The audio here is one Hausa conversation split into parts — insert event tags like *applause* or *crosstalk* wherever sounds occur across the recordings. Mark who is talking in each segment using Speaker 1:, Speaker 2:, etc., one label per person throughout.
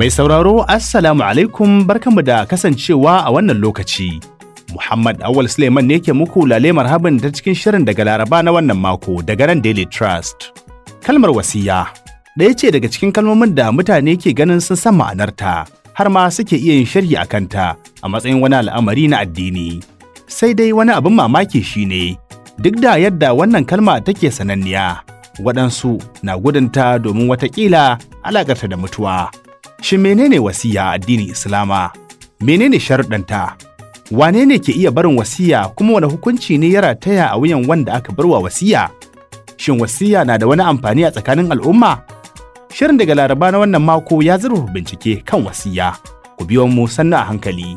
Speaker 1: Mai sauraro Assalamu alaikum barkanmu da kasancewa a wannan lokaci. Muhammad Awal Suleiman ne ke muku lalemar habin ta cikin shirin daga Laraba na wannan mako daga ran Daily Trust. Kalmar wasiya ɗaya ce daga cikin kalmomin da mutane ke ganin sun san ma'anarta har ma suke iya yin sharhi a kanta a matsayin wani al'amari na addini. Sai dai wani abin mamaki shi ne. duk da yadda wannan kalma take sananniya waɗansu na gudunta domin watakila alaƙarta da mutuwa. Shin menene wasiya a addinin Islama? Menene sharuɗanta? Wane ne ke iya barin wasiya kuma wani hukunci ne ya rataya a wuyan wanda aka barwa wasiya? Shin wasiya na da wani amfani a tsakanin al'umma? Shirin daga Laraba na wannan mako ya zurfafa bincike kan wasiya. Ku biyo mu sannu a hankali.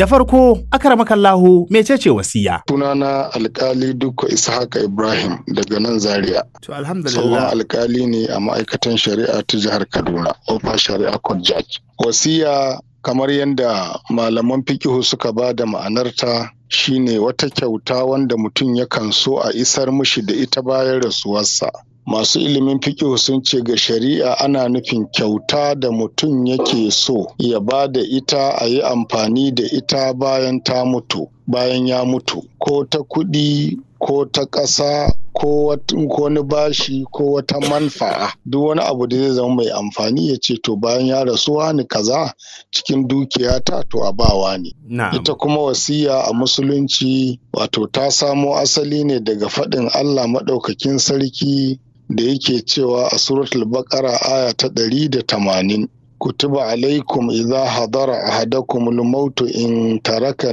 Speaker 1: Da farko, akaramakallahu mecece wasiya.
Speaker 2: Sunana alkali duka Ishaka Ibrahim daga nan Zaria. To alhamdulillah. alkali ne a ma'aikatan shari'a ta jihar Kaduna, Ofa Shari'a Court Judge. Wasiya kamar yadda malaman fikihu suka ba da ma'anarta shine wata kyauta wanda mutum yakan so a isar mishi da ita bayan rasuwarsa Masu ilimin fiƙo sun ce ga shari'a ana nufin kyauta da mutum yake so ya ba da ita a yi amfani da ita bayan ta mutu, bayan ya mutu, ko ta kuɗi ko ta ƙasa ko wani bashi ko wata manfa'a duk wani abu da zai zama mai amfani ya ce to bayan ya rasu ni kaza cikin dukiyata to a bawa ne. Ita kuma wasiya a musulunci wato ta samo asali ne daga faɗin Allah maɗaukakin sarki da yake cewa a suratul baqara aya ta ɗari da tamanin tuba alaikum idza hadara ahadakum al-maut in taraka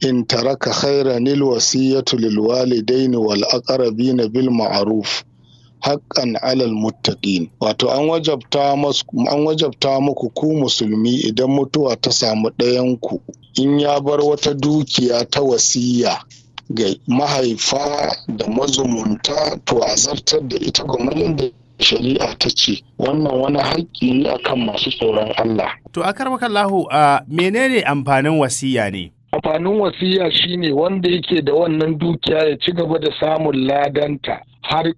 Speaker 2: in taraka khairan al-wasiyatu lil walidain wal aqrabin bil ma'ruf haqqan 'alal muttaqin wato an wajabta an muku ku musulmi idan mutuwa ta samu ɗayan ku in ya bar wata dukiya ta wasiya ga mahaifa da mazumunta to a zartar da ita gwamnatin da shari'a ta ce wannan wani haƙƙi ne akan masu tsoron Allah.
Speaker 1: To a karmakallahu a menene amfanin wasiya ne?
Speaker 2: amfanin wasiya shine wanda yake da wannan dukiya ya ci gaba da samun ladanta har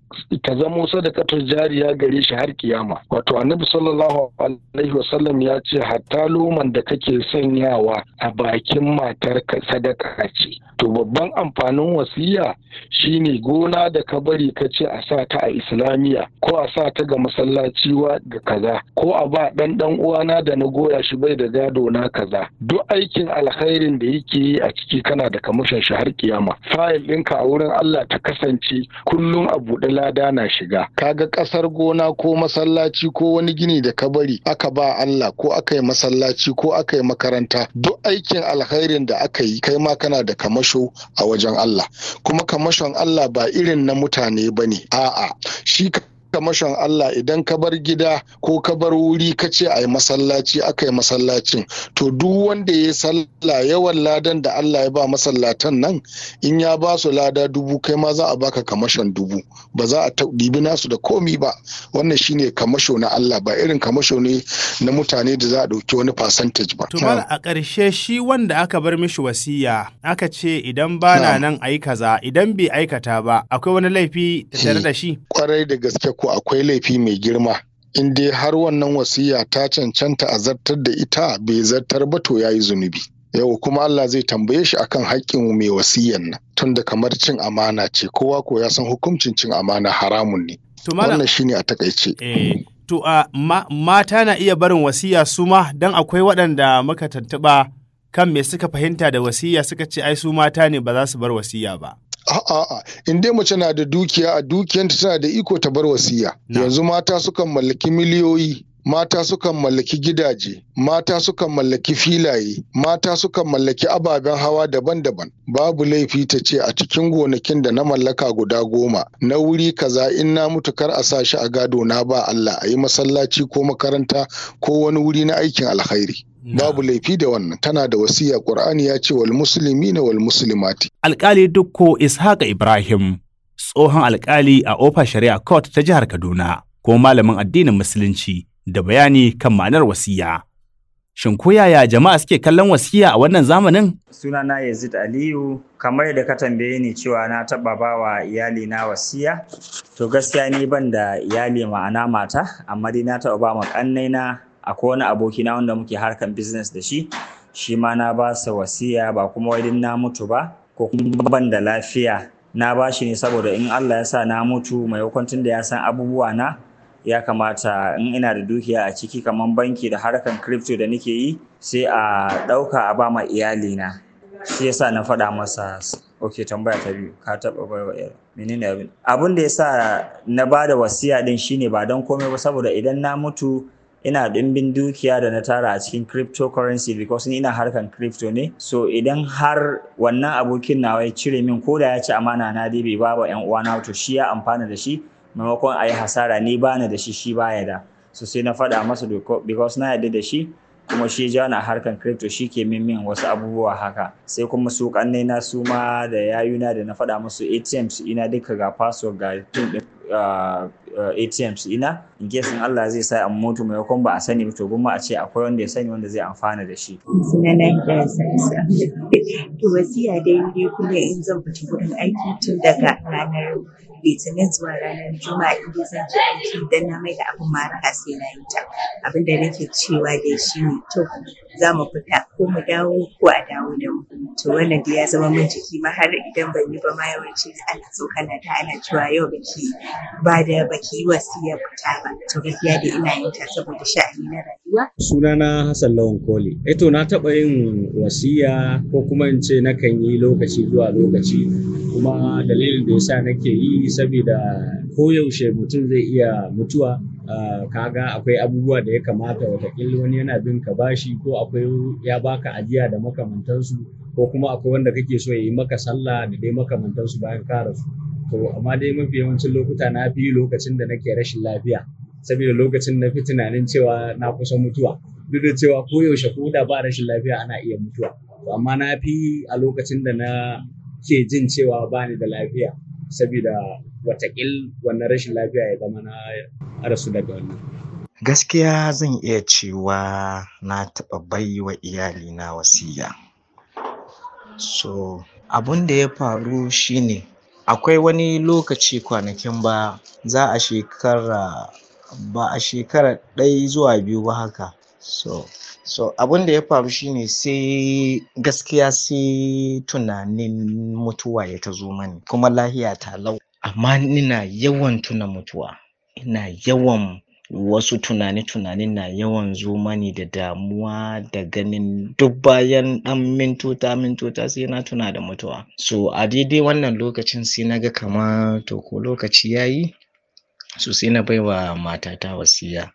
Speaker 2: ka zamo sadakatar jariya gare shi har kiyama wato annabi sallallahu alaihi wasallam ya ce hatta loman da kake sanyawa a bakin matarka sadaka ce to babban amfanin wasiya shine gona da ka bari ka ce a sa ta a islamiyya ko a sa ta ga masallaci wa ga kaza ko a ba dan dan uwana da na goya shi bai da gado na kaza duk aikin alkhairin da yake yi a ciki kana da kamushin shi har kiyama fayil ɗinka a wurin Allah ta kasance kullum a. a buɗe lada na shiga kaga ƙasar gona ko masallaci ko wani gini da ka bari aka ba Allah ko aka yi masallaci ko aka yi makaranta duk aikin alkhairin da aka yi kai ma kana da kamasho a wajen Allah kuma kamashon Allah ba irin na mutane bane a'a shi kamashin Allah idan ka bar gida ko ka bar wuri ka ce a yi masallaci aka yi masallacin to duk wanda ya salla yawan ladan da Allah ya ba masallatan nan in ya ba su lada dubu kai ma za a baka kamashin dubu ba za a ɗibi nasu da komi ba wannan shine kamasho na Allah ba irin kamasho ne na mutane da za a ɗauki wani percentage ba. To a
Speaker 1: ƙarshe shi wanda aka bar mishi wasiya aka ce idan ba na nan ayi kaza idan bai aikata ba akwai wani laifi tare eh, da shi.
Speaker 2: Kwarai da gaske ko akwai laifi mai girma in dai har wannan wasiya ta cancanta a zartar da ita bai zartar ba to yayi zunubi yau kuma Allah zai tambaye shi akan haƙƙin mai wasiyan nan tunda kamar cin amana ce kowa ko ya san hukuncin cin amana haramun ne wannan shine a takaice eh,
Speaker 1: to a mata na iya barin wasiya su ma dan akwai waɗanda muka tuntuɓa kan me suka fahimta da wasiya suka ce ai su mata ne ba za su bar wasiya ba
Speaker 2: A'a, in dai mace na da dukiya a dukiyanta tana da iko ta bar wasiya. Yanzu mata sukan mallaki miliyoyi, mata sukan mallaki gidaje, mata sukan mallaki filaye, mata sukan mallaki ababen hawa daban-daban. Babu laifi ta ce a cikin gonakin da na mallaka guda goma, na wuri kaza in na mutu kar a sa shi a gado na ba Allah a yi masallaci ko makaranta ko wani wuri na aikin alkhairi. babu laifi da wannan tana da wasiya qur'ani ya ce wal na wal muslimati
Speaker 1: alkali dukko ishaqa ibrahim tsohon alkali a ofa shari'a court ta jihar kaduna ko malamin addinin musulunci da bayani kan ma'anar wasiya Shin ko yaya jama'a suke kallon wasiya a wannan zamanin?
Speaker 3: Sunana Yazid Aliyu, kamar da ka tambaye ni cewa na taɓa ba wa iyali na wasiya, to gaskiya ni ban da iyali ma'ana mata, amma dai na taɓa ba ma ƙannai na akwai wani aboki na wanda muke harkan business da shi shi ma na ba sa wasiya ba kuma wai na mutu ba ko kuma ban da lafiya na ba shi ne saboda in Allah ya sa na mutu mai tun da ya san abubuwa na ya kamata in ina da dukiya a ciki kamar banki da harkan crypto da nake yi sai a ɗauka a ba ma na. shi yasa na faɗa masa ok tambaya ta biyu ka taɓa abin abin da sa na ba da wasiya din shine ba don komai ba saboda idan na mutu ina ɗimbin dukiya da na tara a cikin cryptocurrency because ni ina harkan crypto ne so idan har wannan abokin nawa ya cire min ko da ya ci amana na dai bai ba wa ƴan uwana to shi ya amfana da shi maimakon a yi hasara ni bani da shi shi baya da so sai na faɗa masa because na yadda da shi kuma shi ja na harkan crypto shi ke min wasu abubuwa haka sai kuma su kannai na su ma da yayuna da na faɗa musu atms ina duka ga password ga pin ah, Eh, atms ina in case in Allah zai sa an mai maimakon ba a sani ba to gumma a ce akwai wanda ya sani wanda zai amfana da shi suna na kira
Speaker 4: to wasiya dai ne kullum in zan fita gurin aiki tun daga ranar litinin zuwa ranar juma'a in zan ji aiki dan na mai da abin maraka sai na yi ta abin da nake cewa dai shi ne to za mu fita ko mu dawo ko a dawo da mu to wannan da ya zama min jiki ma har idan ban yi ba ma yawanci ana kana ta ana cewa yau baki
Speaker 5: ba da baki
Speaker 4: kiwon su fita ba to gaskiya da ina yin ta
Speaker 3: saboda sha'ani na rayuwa sunana Hassan Lawan Koli eh to na taba yin wasiya ko kuma in ce nakan yi lokaci zuwa lokaci kuma dalilin da yasa nake yi saboda koyaushe mutum zai iya mutuwa Uh, kaga akwai abubuwa da ya kamata watakila wani yana bin ka bashi ko akwai ya baka ajiya da makamantansu ko kuma akwai wanda kake so ya yi maka sallah da dai makamantansu bayan ka rasu to amma dai mafi yawancin lokuta na fi lokacin da nake rashin lafiya saboda lokacin na fi tunanin cewa na kusa mutuwa duk da cewa koyaushe ko da ba rashin lafiya ana iya mutuwa to amma na fi a lokacin da na ke jin cewa ba ni da lafiya saboda watakil wannan rashin lafiya ya zama na rasu daga wannan
Speaker 4: gaskiya zan iya cewa na taɓa baiwa iyalina wasiya so abun da ya faru shine Akwai wani lokaci kwanakin baya, za a shekara ba a shekara ɗaya zuwa biyu ba haka. So, so abin da ya faru shine sai gaskiya sai tunanin mutuwa ya ta tazo mani kuma lahiya ta lau. Amma ina yawan tuna mutuwa, ina yawan wasu tunani-tunani na yawan zo mani da damuwa da ganin duk bayan ɗan mintota mintota sai na tuna da mutuwa so a daidai wannan lokacin sai na ga kama to ko lokaci ya yi so sai na baiwa matata wasiya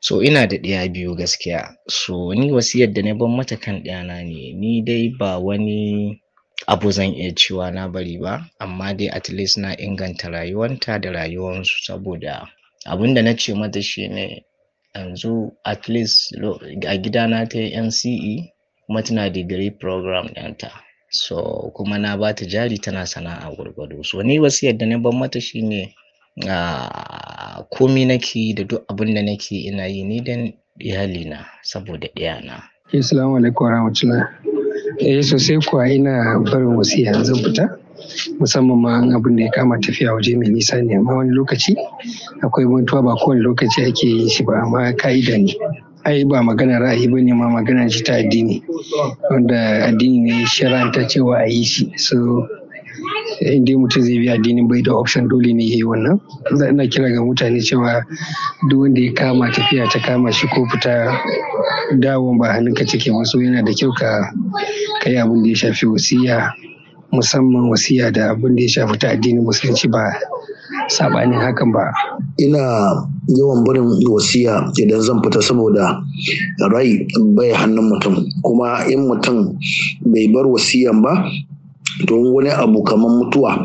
Speaker 4: so ina da ɗaya biyu gaskiya so ni wasiyar da na ban mata kan ɗana ne ni dai ba wani abu zan iya cewa na bari ba amma dai at least na inganta rayuwanta da rayuwarsu saboda abinda na ce mata shine yanzu at least a gidana ta yi NCE kuma tana degree program ɗinta so kuma na ba ta jari tana sana'a gwargwado so ni wasiyar da na ban mata shine a komi nake da duk abin da nake ina yi ni dan iyalina saboda na
Speaker 5: Assalamu alaikum warahmatullahi. Eh sosai kuwa ina barin wasiya zan fita. musamman ma abin da ya kama tafiya waje mai nisa ne amma wani lokaci akwai mantuwa ba kowane lokaci ake yin shi ba amma ka'ida ne ai ba magana ra'ayi ba ne ma magana shi ta addini wanda addini ne shiranta cewa a yi shi so in dai mutum zai bi addinin bai da option dole ne ya yi wannan ina kira ga mutane cewa duk wanda ya kama tafiya ta kama shi ko fita dawon ba hannunka cike masu yana da kyau ka kai abin da ya shafi wasiya musamman wasiya da abin da ya shafi ta addinin musulunci ba sabanin hakan ba ina yawan barin wasiya idan zan fita saboda rai bai hannun mutum kuma in mutum bai bar wasiyan ba don wani abu kamar mutuwa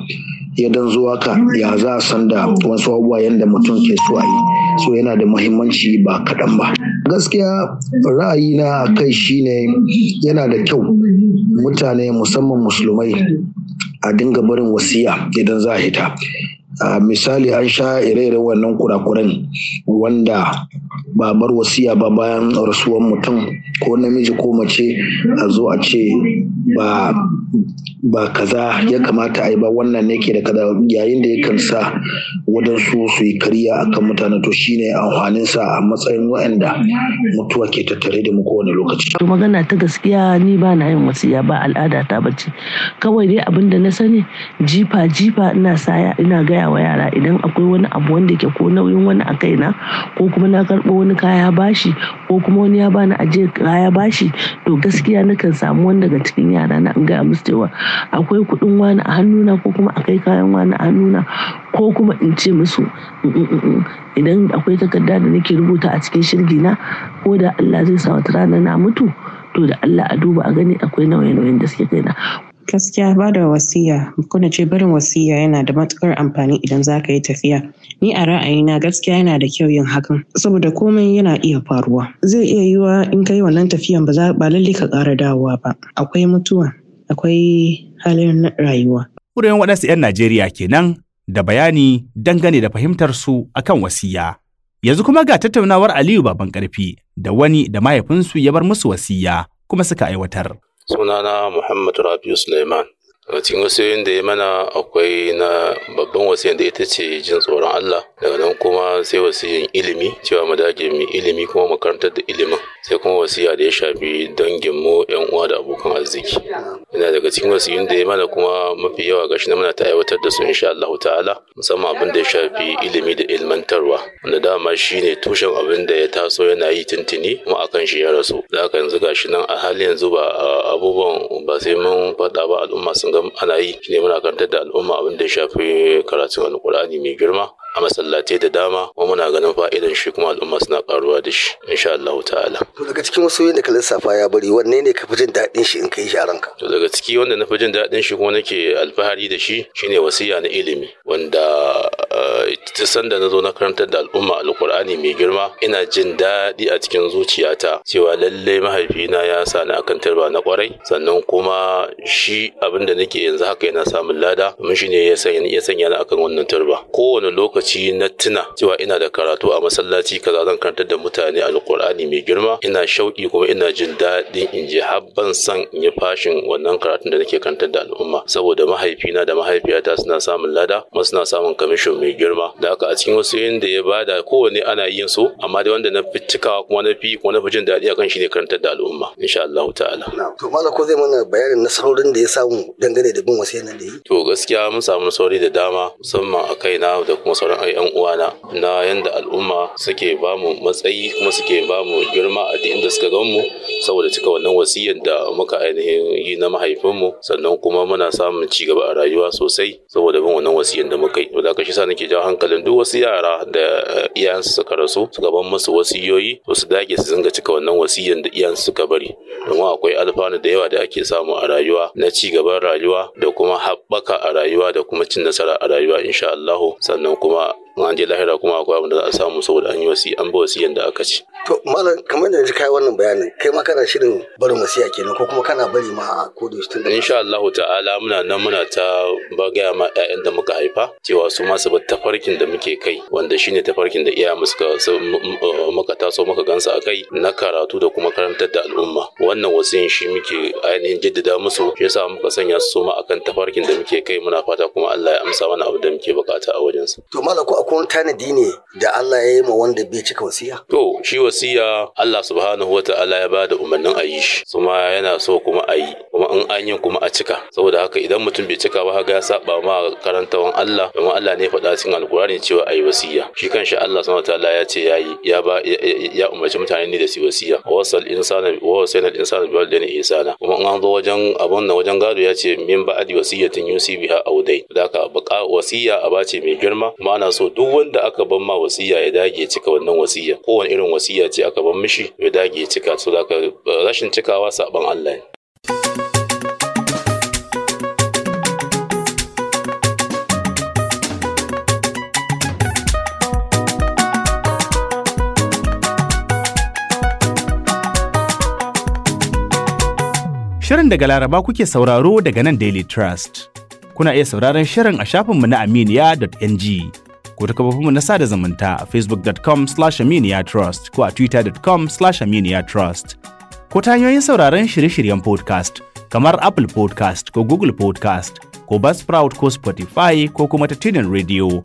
Speaker 5: ya dan zo haka ya za a san da wasu abubuwa yadda mutum ke so a yi so yana da muhimmanci ba kaɗan ba gaskiya ra'ayina a kai shine yana da kyau mutane musamman musulmai a dinga barin wasiya idan za a hita Uh, misali an sha ire-iren wannan kurakuran wanda ba bar wasiya ba bayan rasuwan mutum ko namiji ko mace a zo a ce ba ba kaza ya kamata a yi ba wannan ne ke da kaza yayin da yakan sa wadansu su yi kariya akan mutane to shine amfanin sa a matsayin waɗanda mutuwa ke tattare da mu kowane lokaci to magana ta gaskiya ni ba na yin wasiya ba al'ada ta bace kawai dai abin da na sani jifa jifa ina saya ina gaya wa yara idan akwai wani abu wanda ke ko nauyin wani a kaina ko kuma na karɓo wani kaya bashi ko kuma wani ya bani aje kaya bashi to gaskiya nakan samu wani daga cikin yara yara na in gaya musu cewa akwai kuɗin wani a hannuna ko kuma akai kayan wani a hannuna ko kuma in ce musu mm, mm, mm, idan akwai takarda da nake rubuta a cikin shirgi na ko da Allah zai sa wata rana na mutu to da Allah a duba a gani akwai nauyin
Speaker 3: nauyen da suke kaina
Speaker 4: Gaskiya ba da wasiya ko ce barin wasiya yana da matukar amfani idan za ka yi tafiya. Ni a ra'ayina gaskiya yana da kyau yin hakan saboda komai yana iya faruwa. Zai iya yiwuwa in ka yi wannan tafiyan ba lallai ka ƙara dawowa ba. Akwai mutuwa, akwai halin rayuwa.
Speaker 1: Wurin waɗansu 'yan Najeriya kenan da bayani dangane da fahimtar su akan wasiya. Yanzu kuma ga tattaunawar Aliyu Baban karfi da wani da mahaifinsu ya bar musu wasiya kuma suka aiwatar.
Speaker 6: sunana Muhammad Rabiu Suleiman. cikin yin da ya mana akwai na babban wasu da ita ce jin tsoron Allah daga nan kuma sai wasu yin ilimi cewa mu dage mu ilimi kuma mu karantar da ilimin sai kuma wasu da ya shafi dangin mu yan uwa da abokan arziki ina daga cikin wasu yin da ya mana kuma mafi yawa gashi na muna ta aiwatar da su insha Allah ta'ala musamman abin da ya shafi ilimi da ilmantarwa wanda dama shine tushen abin da ya taso yana yi tuntuni kuma akan shi ya rasu da aka yanzu gashi nan a halin yanzu ba abubuwan ba sai mun faɗa ba al'umma sun ga zam ana yi ne muna karantar da al'umma abin da ya shafi karatun alkur'ani mai girma a masallatai da dama kuma muna ganin fa'idan shi kuma al'umma suna karuwa da shi insha Allah ta'ala
Speaker 5: to daga cikin wasu yin da ka lissafa ya bari wanne ne ka fi jin daɗin shi in kai shi a
Speaker 6: ranka to daga ciki wanda na fi jin daɗin shi kuma nake alfahari da shi shine wasiya na ilimi wanda ta eh, sanda na zo na karantar da al'umma alkur'ani mai girma ina jin daɗi a cikin zuciyata cewa lallai mahaifina ya sa ni akan tarba na kwarai sannan kuma shi abin da nake yanzu haka yana samun lada mun shi ne ya sanya ni akan wannan turba kowane lokaci na tuna cewa ina da karatu a masallaci kaza zan karantar da mutane alkur'ani mai girma ina shauki kuma ina jin daɗin in je habban san in yi fashin wannan karatun da nake karantar da al'umma saboda mahaifina da mahaifiyata suna samun lada kuma suna samun kamishin mai girma da haka a cikin wasu yin da ya bada kowane ana yin su amma dai wanda na fi cikawa kuma na fi kuma na fi jin daɗi akan shi ne karantar da al'umma insha Allah ta'ala.
Speaker 5: To malam ko zai mana bayanin nasarorin da ya samu dangane da bin wasiyar da yi?
Speaker 6: To gaskiya mun samu sauri da dama musamman a kaina da kuma sauran ƴan uwana na yanda al'umma suke bamu matsayi kuma suke bamu girma a duk inda suka gan mu saboda cika wannan wasiyar da muka ainihin yi na mahaifinmu sannan kuma muna samun ci gaba a rayuwa sosai saboda bin wannan wasiyar da muka yi. To da shi sa nake jawo hankalin duk wasu yara da iyayensu suka rasu suka ban musu wasiyoyi to su dage su zinga cika wannan wasiyar da iyayensu suka bari domin akwai alfanu da yawa da ake samu a rayuwa na ci gaban rayuwa rayuwa da kuma haɓaka a rayuwa da kuma cin nasara a rayuwa insha Allah sannan kuma in an je lahira kuma akwai abin da za a samu saboda an yi wasi an bi wasiyan da aka ci.
Speaker 5: to malam kamar yanzu kai wannan bayanin kai ma kana shirin barin wasiya kenan ko kuma kana bari ma a
Speaker 6: koda shi tun insha Allah ta'ala muna nan muna ta bagaya ma ƴaƴan da muka haifa cewa su ma su tafarkin da muke kai wanda shine tafarkin da iyayenmu suka uh, muka taso muka gansa a kai na karatu da kuma karantar da al'umma wannan wasiyan shi muke ainihin jaddada musu shi yasa muka sanya su ma akan tafarkin da muke kai muna fata kuma Allah ya amsa wani abu da muke bukata a wajensa
Speaker 5: to malam ko sakamakon tanadi ne da Allah ya yi ma wanda bai cika wasiya.
Speaker 6: To shi wasiya Allah subhanahu wa ta'ala ya ba da umarnin a yi shi kuma yana so kuma a yi kuma in an yi kuma a cika saboda haka idan mutum bai cika ba haka ya saba ma karantawan Allah domin Allah ne faɗa cikin alkurani cewa a yi wasiya shi kanshi Allah subhanahu wa ta'ala ya ce ya yi ya ba ya umarci mutane ne da su wasiya wasal insana wa wasaina insana bi walidayni ihsana kuma in an zo wajen abun nan wajen gado ya ce min ba'adi wasiyatin yusi biha audai da haka wasiya a bace mai girma ma ana so duk wanda aka ban ma wasiya ya dage cika wannan wasiya kowane irin wasiya ce aka ban mishi ya dage cika so da rashin cikawa saban Allah ne
Speaker 1: Shirin daga Laraba kuke sauraro daga nan Daily Trust. Kuna iya sauraron shirin a shafinmu na aminiya.ng ko ta kafofinmu na sada zumunta a facebook.com slash ko a twitter.com slash aminiyatrust ko ta hanyoyin sauraron shirye-shiryen podcast kamar Apple podcast ko Google podcast ko Buzzsprout ko Spotify ko kuma ta Tunin Radio.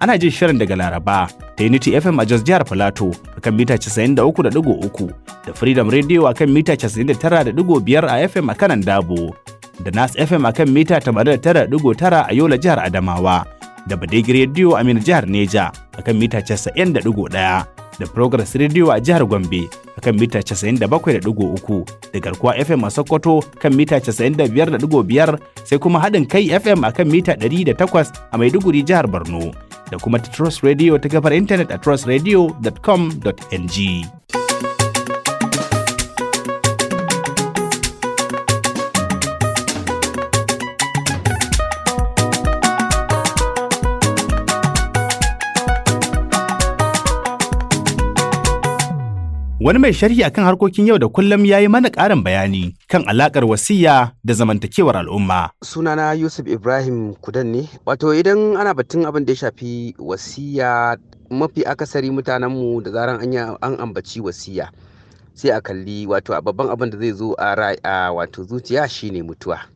Speaker 1: Ana jin shirin daga Laraba ta Unity FM a Jos Jihar Filato a kan mita 93.3 da Freedom Radio a kan mita 99.5 a FM a kanan Dabo da Nas FM a kan mita 89.9 a Yola Jihar Adamawa. da Badegi Radio a Mina jihar Neja a kan mita 90.1 da Progress Radio a jihar Gombe a kan mita 97.3 da Garkuwa FM a Sokoto kan mita 95.5 sai kuma haɗin kai FM a kan mita 108 a Maiduguri jihar Borno da kuma ta Trust Radio ta gabar intanet a trustradio.com.ng. Wani mai sharhi akan harkokin yau da kullum ya yi mana ƙarin bayani kan alaƙar wasiya da zamantakewar al'umma.
Speaker 5: Sunana Yusuf Ibrahim Kudan ne. Wato idan ana batun abin da ya shafi wasiya mafi akasari mutanenmu da zaran an an ambaci wasiya sai a kalli wato a babban abin da zai zo a wato zuciya shine mutuwa.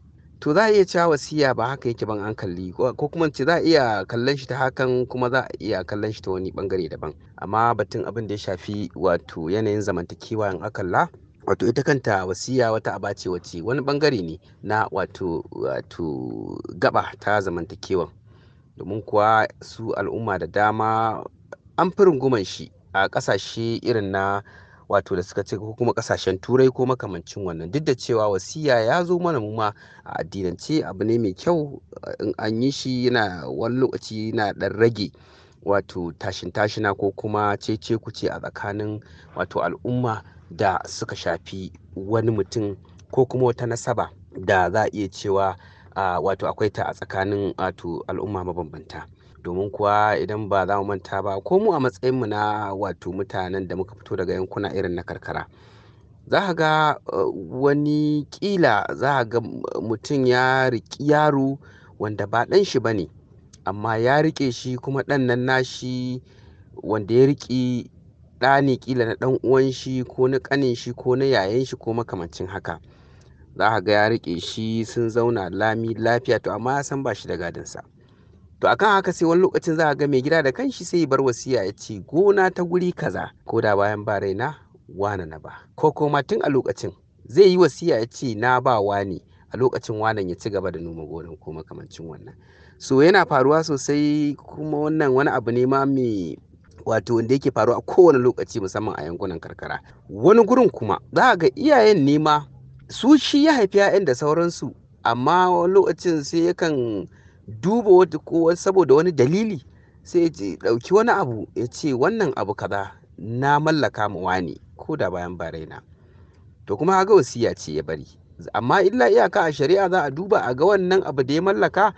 Speaker 5: to za a iya cewa wasiya ba haka yake ban an kalli ko kuma ce za a iya kallon shi ta hakan kuma za a iya kallon shi ta wani bangare daban amma batun abin da ya shafi wato yanayin zamantakewa in akalla wato ita kanta wasiya wata aba ce wace wani bangare ne na wato wato gaba ta zamantakewan domin kuwa su al'umma da dama an fi runguman shi a ƙasashe irin na wato da suka ce ko kuma kasashen turai ko makamancin wannan duk da cewa wasiya ya zo mana mu ma a addinance abu ne mai kyau eh, in an yi shi yana wani lokaci yana dan rage wato tashin tashina ko kuma cece kuce a tsakanin wato al'umma da suka shafi wani mutum ko kuma wata nasaba da za a iya cewa ah, wato akwai ta a tsakanin wato ah, al'umma mabambanta domin kuwa idan ba za mu manta ba ko mu a matsayinmu na wato mutanen da muka fito daga yankuna irin na karkara za ka ga uh, wani kila za ka ga mutum ya riƙi yaro wanda ba ɗan shi ba ne amma ya riƙe shi kuma ɗan nan nashi wanda ya riƙi ɗa ne kila na ɗan uwan shi ko na ƙanin shi ko na yayan shi ko makamancin haka za ka ga ya riƙe shi sun zauna lami lafiya to amma ya san ba shi da gadinsa to akan haka sai wani lokacin za a ga mai gida da kanshi sai bar wasiya ya ce gona ta guri kaza ko da bayan ba raina wane na ba ko kuma tun a lokacin zai yi wasiya ya ce na ba wani a lokacin wanan ya ci gaba da noma gonan ko makamancin wannan so yana faruwa sosai kuma wannan wani abu ne ma mai wato wanda yake faruwa a kowane lokaci musamman a yankunan karkara wani gurin kuma za ga iyayen nema su shi ya haifi 'ya'yan da sauransu amma lokacin sai yakan duba wata kowa saboda wani dalili sai ya ɗauki wani abu ya ce wannan abu kaza na mallaka mu wani ko da bayan ba raina to kuma haga wasiya ce ya bari amma illa iyaka a shari'a za a duba a ga wannan abu da ya mallaka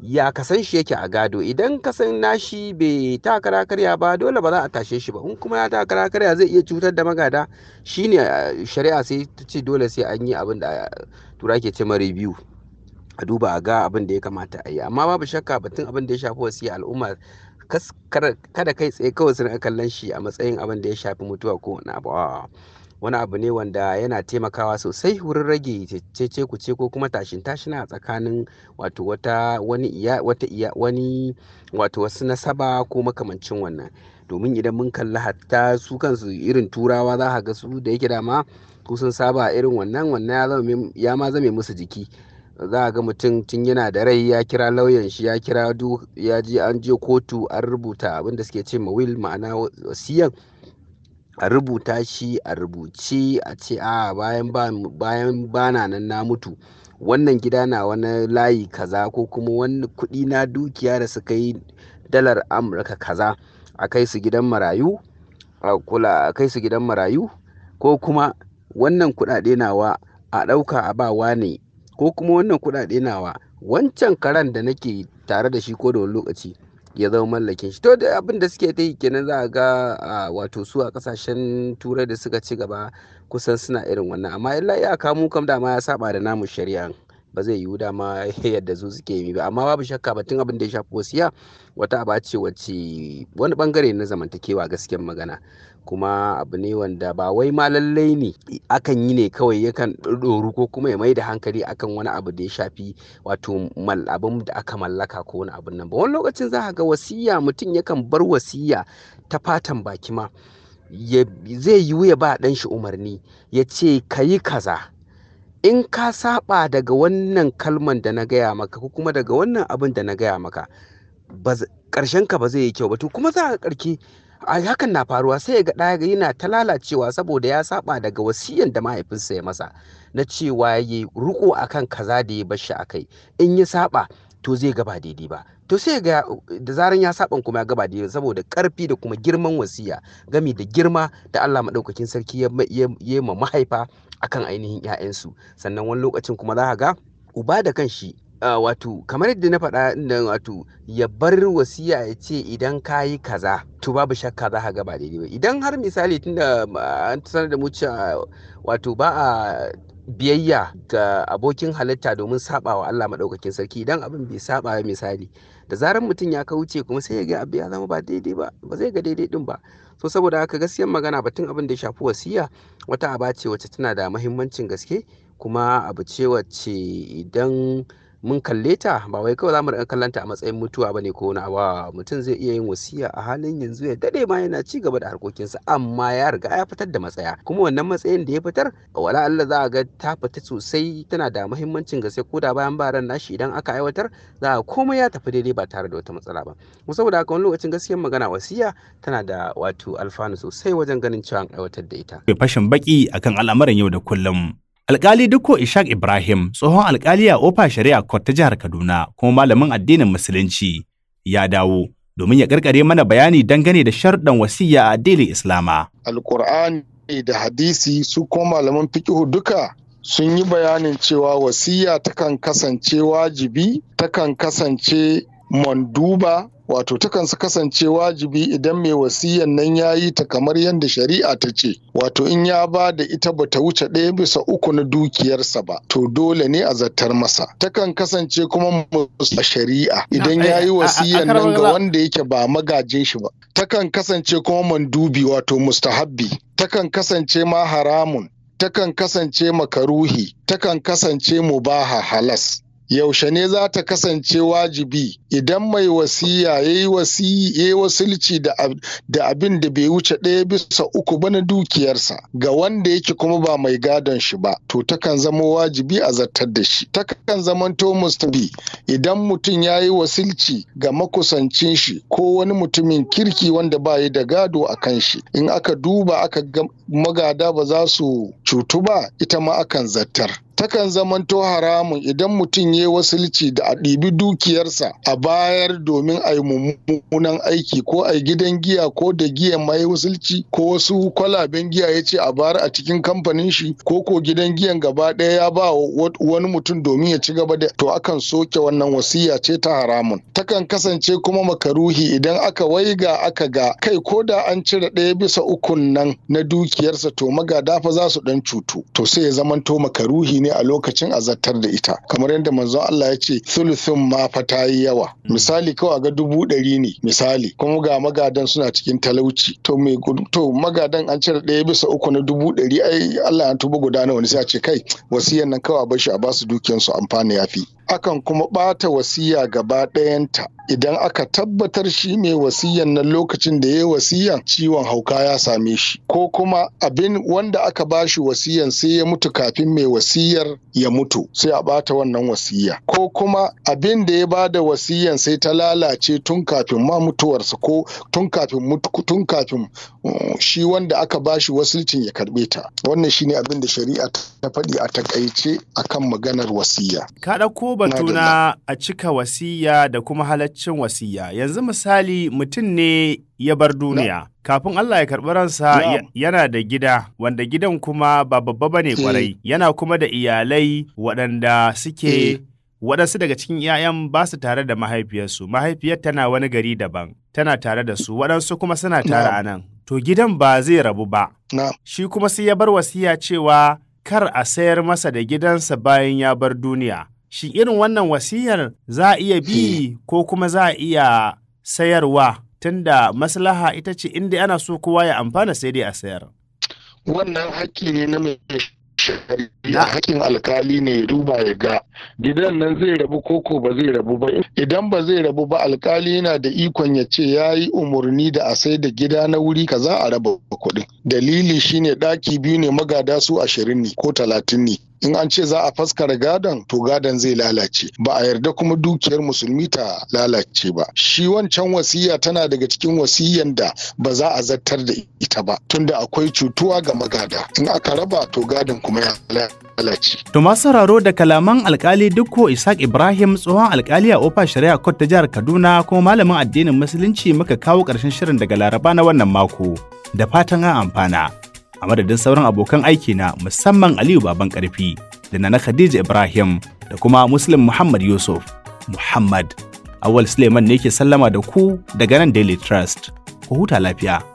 Speaker 5: ya kasan shi yake a gado idan kasan nashi bai takara karya ba dole ba za a tashe shi ba in kuma ya takara karya zai iya cutar da magada shine shari'a sai ta ce dole sai an yi abin da tura ke ce review a duba a ga abin da ya kamata a yi amma babu shakka batun abin da ya shafi wasu al'umma kada kai tsaye kawai suna kallon shi a matsayin abin da ya shafi mutuwa ko wani abu wani abu ne wanda yana taimakawa sosai wurin rage cece kuce ko kuma tashin tashina a tsakanin wato wata wani iya wata iya wani wato wasu nasaba ko makamancin wannan domin idan mun kalli hatta su kansu irin turawa za ka ga su da yake dama ku sun saba irin wannan wannan ya ma zame musu jiki za a ga mutum tun yana da rai ya kira lauyan shi ya kira du ya ji an je kotu an rubuta abin suke ce ma will ma'ana wasiyan a rubuta shi a rubuce a ce a bayan bayan bana nan na mutu wannan gida na wani layi kaza ko kuma wani kudi na dukiya da suka yi dalar amurka kaza a kai su gidan marayu a kula a kai su gidan marayu ko kuma wannan kuɗaɗe nawa a ɗauka a ba wane ko kuma wannan kuɗaɗe nawa wancan karan da nake tare da shi ko da wani lokaci ya zama mallakin shi to da abin da suke ta yi kenan za a ga wato su a kasashen turai da suka ci gaba kusan suna irin wannan amma illa ya kamo kam dama ya saba da namu shari'an ba zai yiwu dama *laughs* yadda su suke yi ba amma babu shakka batun abin da ya shafi wasiya wata aba ce wacce wani bangare na zamantakewa gasken magana kuma abu ne wanda ba wai ma lallai ne akan yi ne kawai yakan doru ko kuma ya mai da hankali akan wani abu da ya shafi wato mal abin da aka mallaka ko wani abin nan ba wani lokacin za ga wasiya mutum yakan bar wasiya ta fatan baki ma zai yiwu ya ba ɗan shi umarni ya ce ka yi kaza in ka saba daga wannan kalman da na gaya maka ko kuma daga wannan abin da na gaya maka ƙarshen ka ba zai yi kyau ba to kuma za a ƙarki hakan na faruwa sai ga ɗaya yana ta lalacewa saboda ya saba daga wasiyan da mahaifinsa ya masa na cewa ya yi riko akan kaza da ya shi a kai in ya saba to zai gaba daidai ba to sai ga da zaran ya saban kuma ya gaba daidai saboda karfi da kuma girman wasiya gami da girma da Allah maɗaukakin sarki ya yi ma mahaifa akan ainihin 'ya'yansu sannan wani lokacin kuma za ga uba da kan shi. wato kamar yadda na faɗa inda wato ya bar wasiya ya ce idan ka yi kaza to babu shakka za ka gaba daidai ba idan har misali tunda an sanar da mu cewa wato ba a biyayya ga abokin halitta domin saba wa Allah maɗaukakin sarki idan abin bai saba ya misali da zarar mutum ya kauce kuma sai ya ga abu ya zama ba daidai ba ba zai ga daidai din ba so saboda haka gaskiyar magana batun abin da ya shafi wasiya wata abace ce wacce tana da mahimmancin gaske kuma abu ce wacce idan mun kalle ta ba wai kawai zamu rika kallonta a matsayin mutuwa bane ko na ba mutum zai iya yin wasiya a halin yanzu ya dade ma yana ci gaba da harkokinsa amma ya riga ya fitar da matsaya kuma wannan matsayin da ya fitar wala Allah za a ga ta fita sosai tana da muhimmancin gaske ko da bayan ba ran nashi idan aka aiwatar za a komai ya tafi daidai ba tare da wata matsala ba saboda haka wani lokacin gaskiyar magana wasiya tana da wato alfanu sosai wajen ganin cewa an aiwatar da ita
Speaker 1: fashin baki akan al'amuran yau da kullum Alƙali Dukko Ishaq Ibrahim, tsohon alƙali a Ofa Shari'a Court ta jihar Kaduna kuma malamin addinin Musulunci, ya dawo domin ya karkare mana bayani dangane da sharɗan wasiya a addinin Islama.
Speaker 2: Alƙur'ani da hadisi su kuma malaman fikihu duka sun yi bayanin cewa wasiya takan kasance wajibi, takan kasance manduba, wato takan su kasance wajibi idan mai wasiyan nan ya yi ta kamar yadda shari'a ta ce wato in ya ba da ita ba ta wuce ɗaya bisa uku na dukiyarsa ba to dole ne a zartar masa takan kasance kuma a shari'a idan ya yi eh, wasiyan nan ga wanda yake ba magajin shi ba takan kasance kuma mandubi wato mustahabbi takan kasance ma haramun takan kasance makaruhi takan kasance mubaha halas yaushe ne za ta kasance wajibi idan mai wasiya ya yi wasilci da abin da bai wuce ɗaya bisa uku ba na dukiyarsa ga wanda yake kuma ba mai gadon shi ba to takan zama wajibi a zartar da shi Ta kan zama Thomas idan mutum ya yi wasilci ga makusancin shi ko wani mutumin kirki wanda ba yi da gado a kan shi in aka duba aka magada ba za su cutu ba ita ma akan zartar takan zamanto haramun idan mutum ya yi wasilci da a ɗibi dukiyarsa a bayar domin a yi mummunan aiki ko a gidan giya ko da giyan ma ya wasilci ko wasu kwalaben giya ya ce a bayar a cikin kamfanin shi ko ko gidan giyan gaba ɗaya ya ba wani mutum domin ya ci gaba da to akan soke wannan wasiya ce ta haramun takan kasance kuma makaruhi idan aka wai ga aka ga kai ko da an cire ɗaya bisa ukun nan na dukiyarsa to magada fa za su ɗan cutu to sai ya zamanto makaruhi ne a lokacin a zartar da ita kamar yadda manzon Allah ya ce sulusun ma fa ta yi yawa hmm. misali kawai ga dubu ɗari ne misali kuma ga magadan suna cikin talauci to mai to magadan an cire ɗaya bisa uku na dubu ɗari ai Allah ya tuba guda nawa ne sai a ce kai wasiyan nan kawai a bar shi a basu dukiyansu amfani yafi akan kuma ɓata wasiya gaba ɗayanta idan aka tabbatar shi mai wasiyan nan lokacin da ya yi wasiyan ciwon hauka ya same shi ko kuma abin wanda aka ba shi wasiyan sai ya mutu kafin mai wasiyar ya mutu sai a ɓata wannan wasiya ko kuma abin da ya ba da wasiyan sai ta lalace tun kafin ma mutuwarsa ko tun kafin tun kafin mm, shi wanda aka ba shi wasilcin ya karɓe ta wannan shine abin da shari'a ta faɗi a takaice akan maganar wasiya
Speaker 1: ka batuna a cika wasiya da kuma halaccin wasiya. Yanzu misali mutum ne ya bar duniya. Kafin Allah ya karɓi ransa yana da gida, wanda gidan kuma ba babba ba ne eh. kwarai. Yana kuma da iyalai waɗanda suke eh. waɗansu daga cikin 'ya'yan ba su tare da mahaifiyarsu, mahaifiyar tana wani gari daban, tana tare da su, waɗansu kuma suna tare a nan. To gidan ba zai rabu ba. Shi kuma sai ya bar wasiya cewa kar a sayar masa da gidansa bayan ya bar duniya. shi irin wannan wasiyar za a iya bi eh. ko kuma za a iya sayarwa tunda maslaha ita ce inda ana so kowa ya amfana sai dai a sayar.
Speaker 2: Wannan haƙƙi ne na mai shari'a haƙƙin alkali ne duba ya ga gidan nan zai rabu koko ba zai rabu ba idan ba zai rabu ba alkali yana da ikon ya ce ya yi umarni da a sai da gida na wuri kaza a raba kuɗin dalili shine ɗaki biyu ne magada su ashirin ne ko talatin ne in an ce za a faskara gadon to gadon zai lalace ba a yarda kuma dukiyar musulmi ta lalace ba shi wancan wasiya tana daga cikin wasiyan da ba za a zartar da ita ba tunda akwai cutuwa ga magada in aka raba to gadon kuma ya lalace
Speaker 1: to sauraro da kalaman alkali dukko isaac ibrahim tsohon alkali a ofa shari'a kot ta jihar kaduna kuma malamin addinin musulunci muka kawo karshen shirin daga laraba na wannan mako da fatan an amfana a madadin sauran abokan aiki na musamman Aliyu Baban Karfi da Nana Khadija Ibrahim da kuma Muslim Muhammad Yusuf Muhammad. Awal Suleiman ne ke sallama da ku daga nan Daily Trust. Ku huta lafiya.